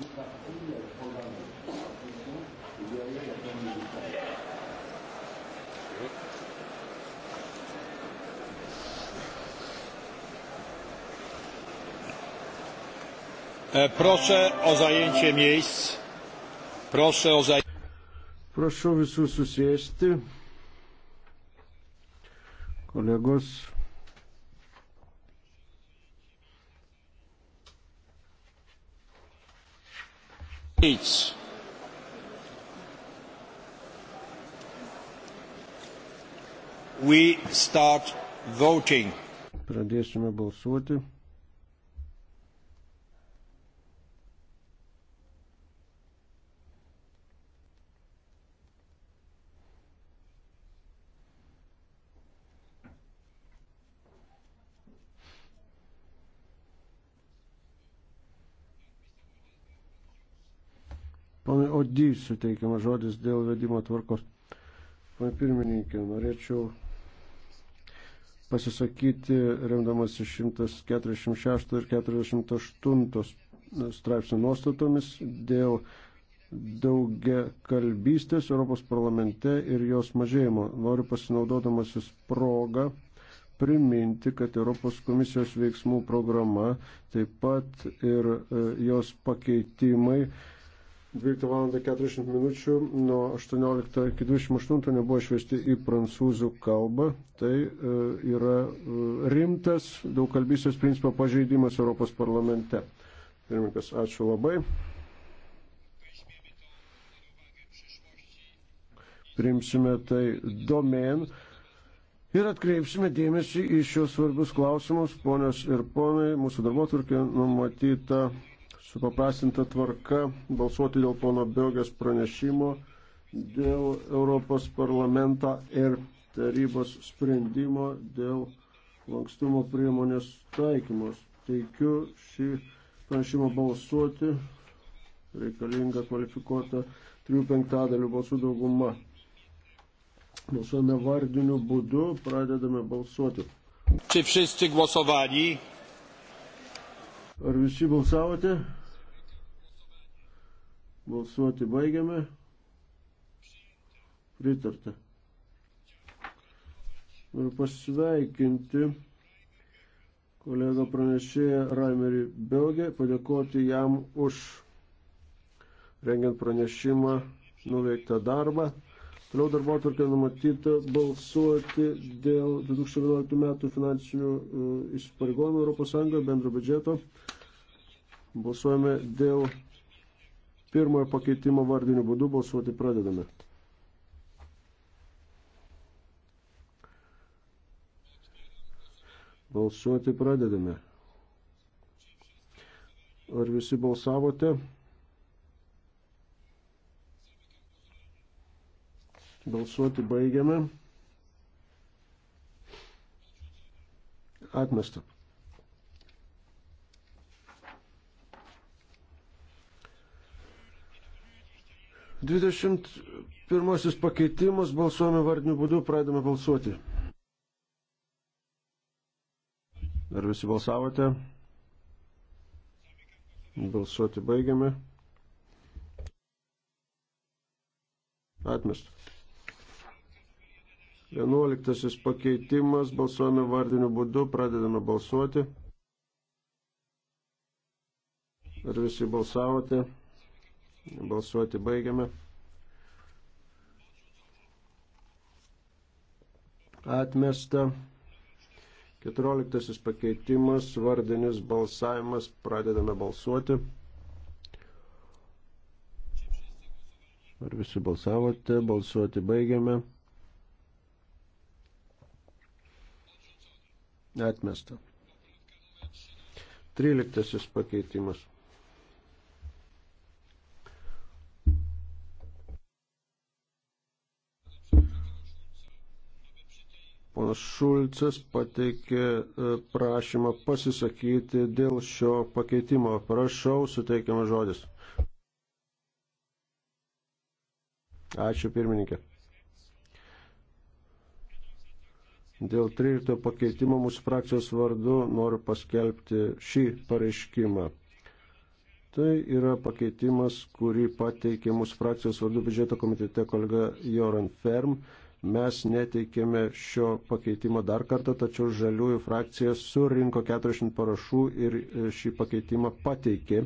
une partie programmée. Attention, il y a eu la forme militaire. Proszę o zajęcie miejsc. Proszę o zajęcie. Proszę o wysusieść. Kolegos. Eats. We start voting. Pradėsime balsuoti. Ponai Odį suteikiamas žodis dėl vedimo tvarkos. Pane pirmininkė, norėčiau pasisakyti remdamas 146 ir 48 straipsnių nuostatomis dėl daugia kalbystės Europos parlamente ir jos mažėjimo. Noriu pasinaudodamasis progą priminti, kad Europos komisijos veiksmų programa taip pat ir e, jos pakeitimai 12 val. 40 minučių nuo 18 iki 28 nebuvo išvesti į prancūzų kalbą. Tai e, yra e, rimtas daugkalbysės principo pažeidimas Europos parlamente. Pirmininkas, ačiū labai. Primsime tai domen. Ir atkreipsime dėmesį į šios svarbius klausimus, ponios ir ponai, mūsų darbo turkė numatyta supaprastinta tvarka balsuoti dėl pono Biogės pranešimo dėl Europos parlamento ir tarybos sprendimo dėl lankstumo priemonės taikymos. Teikiu šį pranešimą balsuoti reikalinga kvalifikuota 3 penktadalių balsų dauguma. Balsuojame vardiniu būdu, pradedame balsuoti. Czy wszyscy głosowali? Ar visi balsavote? Balsuoti baigiame. Pritarta. Noriu pasveikinti kolegą pranešėją Raimerį Belgę, padėkoti jam už rengiant pranešimą nuveiktą darbą. Toliau darbo atvarkė numatyta balsuoti dėl 2011 metų finansinių uh, įsipareigojimų ES bendro biudžeto. Balsuojame dėl pirmojo pakeitimo vardinių būdų. Balsuoti pradedame. Balsuoti pradedame. Ar visi balsavote? Balsuoti baigiame. Atmesta. Dvidešimt pirmasis pakeitimas balsuojame vardiniu būdu, pradame balsuoti. Ar visi balsavote? Balsuoti baigiame. Atmestas. Vienuoliktasis pakeitimas, balsuojame vardiniu būdu, pradedame balsuoti. Ar visi balsavote? Balsuoti baigiame. Atmesta. Keturioliktasis pakeitimas, vardinis balsavimas, pradedame balsuoti. Ar visi balsavote? Balsuoti baigiame. Atmesta. Tryliktasis pakeitimas. Ponas Šulcas pateikė e, prašymą pasisakyti dėl šio pakeitimo. Prašau, suteikiamas žodis. Ačiū pirmininkė. Dėl 13 pakeitimo mūsų frakcijos vardu noriu paskelbti šį pareiškimą. Tai yra pakeitimas, kurį pateikė mūsų frakcijos vardu biudžeto komitete kolega Joran Ferm. Mes neteikėme šio pakeitimo dar kartą, tačiau žaliųjų frakcija surinko 40 parašų ir e, šį pakeitimą pateikė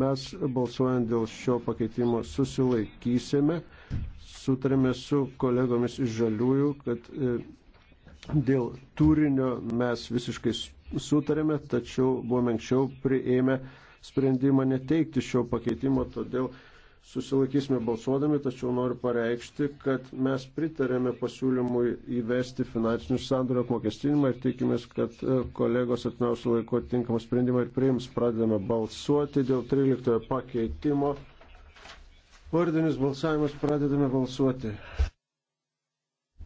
mes balsuojant dėl šio pakeitimo susilaikysime, sutarėme su kolegomis iš žaliųjų, kad e, Dėl turinio mes visiškai sutarėme, tačiau buvome anksčiau prieėmę sprendimą neteikti šio pakeitimo, todėl susilaikysime balsuodami, tačiau noriu pareikšti, kad mes pritarėme pasiūlymui įvesti finansinių sandorio apmokestinimą ir tikimės, kad e, kolegos atnausiu laiko tinkamą sprendimą ir priims. Pradedame balsuoti dėl 13 pakeitimo. Vardinis balsavimas pradedame balsuoti.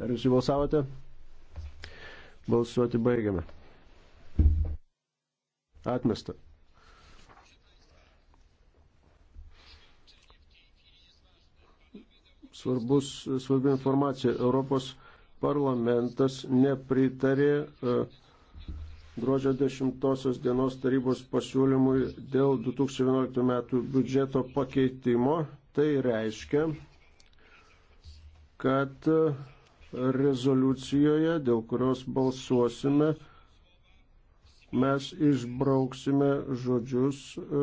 Ar jūs jau balsavote? Balsuoti baigiame. Atmesta. Svarbus, svarbi informacija. Europos parlamentas nepritarė uh, gruodžio 10 dienos tarybos pasiūlymui dėl 2011 metų biudžeto pakeitimo. Tai reiškia, kad uh, rezoliucijoje, dėl kurios balsuosime, mes išbrauksime žodžius e,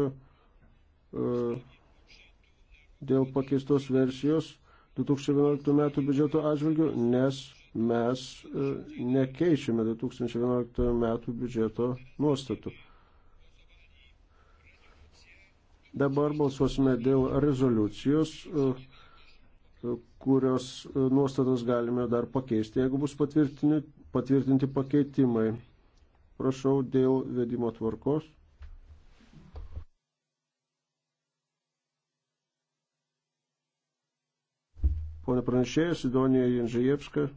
e, dėl pakeistos versijos 2011 metų biudžeto atžvilgių, nes mes e, nekeičiame 2011 metų biudžeto nuostatų. Dabar balsuosime dėl rezoliucijos, kurios e, nuostatos galime dar pakeisti, jeigu bus patvirtinti, patvirtinti pakeitimai. Prašau dėl vedimo tvarkos. Pone pranešėjas, Sidonija Janžajevska.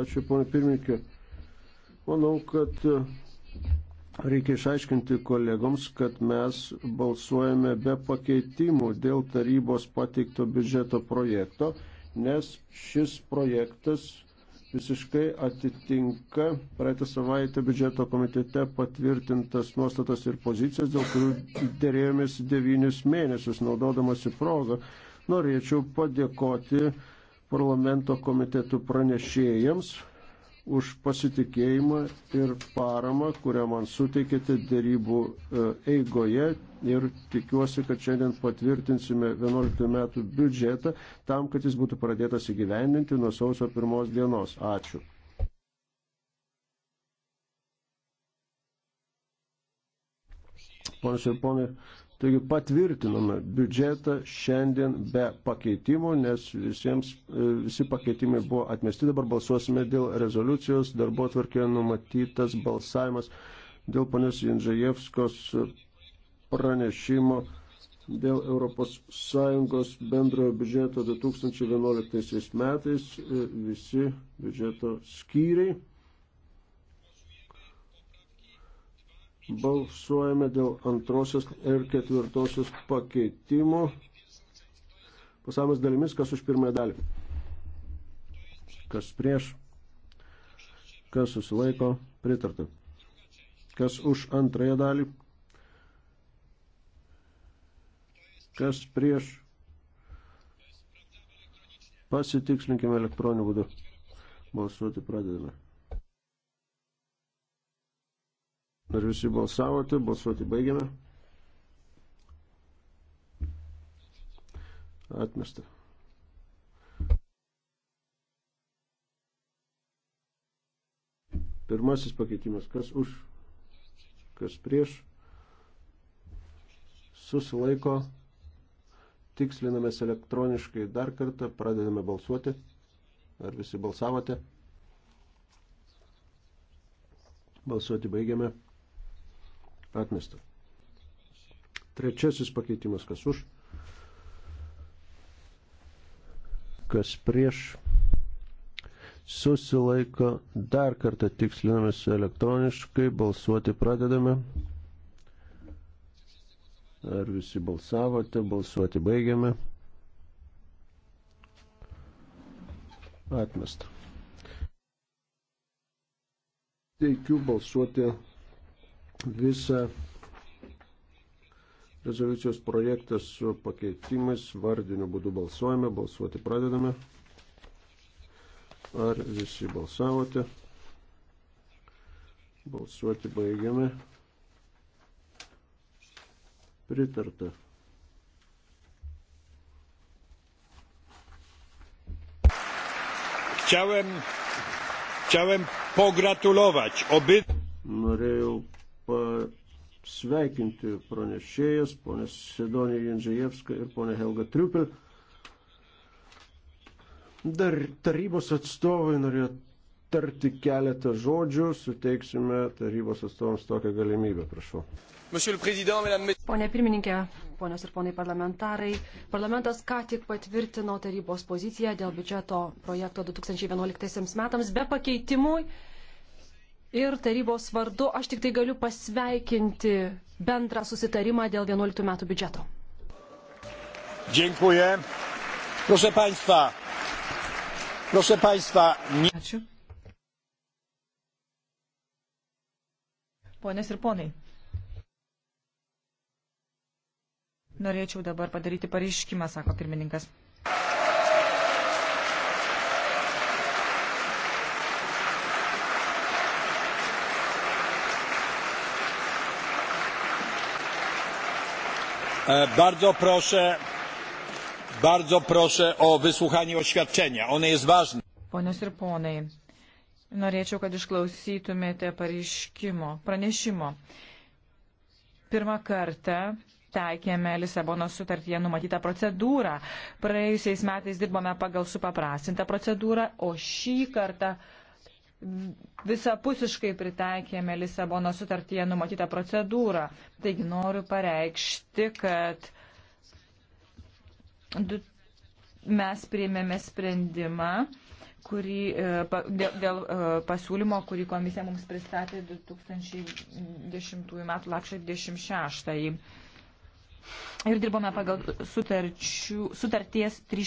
Ačiū, pone pirmininkė. Manau, kad Reikia išaiškinti kolegoms, kad mes balsuojame be pakeitimų dėl tarybos pateikto biudžeto projekto, nes šis projektas visiškai atitinka praeitą savaitę biudžeto komitete patvirtintas nuostatas ir pozicijas, dėl kurių dėrėjomės devynis mėnesius, naudodamasi progą. Norėčiau padėkoti parlamento komitetų pranešėjams, už pasitikėjimą ir paramą, kurią man suteikėte dėrybų e, eigoje ir tikiuosi, kad šiandien patvirtinsime 11 metų biudžetą tam, kad jis būtų pradėtas įgyvendinti nuo sausio pirmos dienos. Ačiū. Ponas ir ponai, Taigi patvirtinome biudžetą šiandien be pakeitimų, nes visiems, e, visi pakeitimai buvo atmesti. Dabar balsuosime dėl rezoliucijos. Darbo tvarkėje numatytas balsavimas dėl ponios Jindžajevskos pranešimo dėl ES bendrojo biudžeto 2011 metais e, visi biudžeto skyriai. Balsuojame dėl antrosios ir ketvirtosios pakeitimų. Pasavimas dalimis, kas už pirmąją dalį. Kas prieš. Kas susilaiko. Pritarta. Kas už antrąją dalį. Kas prieš. Pasitikslinkime elektroniniu būdu. Balsuoti pradedame. Ar visi balsavote? Balsuoti baigiame. Atmesta. Pirmasis pakeitimas. Kas už? Kas prieš? Susilaiko. Tikslinamės elektroniškai dar kartą. Pradedame balsuoti. Ar visi balsavote? Balsuoti baigiame. Atmesta. Trečiasis pakeitimas, kas už, kas prieš, susilaiko, dar kartą tikslinamės elektroniškai, balsuoti pradedame. Ar visi balsavote, balsuoti baigiame. Atmesta. Teikiu balsuoti visą rezoliucijos projektą su pakeitimais, vardiniu būdu balsuojame, balsuoti pradedame. Ar visi balsavote? Balsuoti baigiame. Pritarta. Chciałem, chciałem pogratulować obydwu. Norėjau pasveikinti pranešėjas, ponė Sidonė Jendžiajevska ir ponė Helga Triupel. Dar tarybos atstovai norėjo tarti keletą žodžių, suteiksime tarybos atstovams tokią galimybę, prašau. Pone pirmininkė, ponios ir ponai parlamentarai, parlamentas ką tik patvirtino tarybos poziciją dėl biudžeto projekto 2011 metams be pakeitimų ir tarybos vardu aš tik tai galiu pasveikinti bendrą susitarimą dėl 11 metų biudžeto. Dziękuję. Proszę Państwa, proszę Państwa. Nie... Ačiū. Ponės ir ponai. Norėčiau dabar padaryti pareiškimą, sako pirmininkas. E, bardzo proszę, bardzo proszę o wysłuchanie oświadczenia. One jest ważne. Ponios ir ponai, norėčiau, kad išklausytumėte pareiškimo, pranešimo. Pirmą kartą taikėme Lisabono sutartyje numatytą procedūrą. Praėjusiais metais dirbome pagal supaprastintą procedūrą, o šį kartą visapusiškai pritaikėme Lisabono sutartyje numatytą procedūrą. Taigi noriu pareikšti, kad mes priėmėme sprendimą kurį, e, dėl, dėl e, pasiūlymo, kurį komisija mums pristatė 2010 m. lapšio 26. Ir dirbome pagal sutarčių, sutarties 3.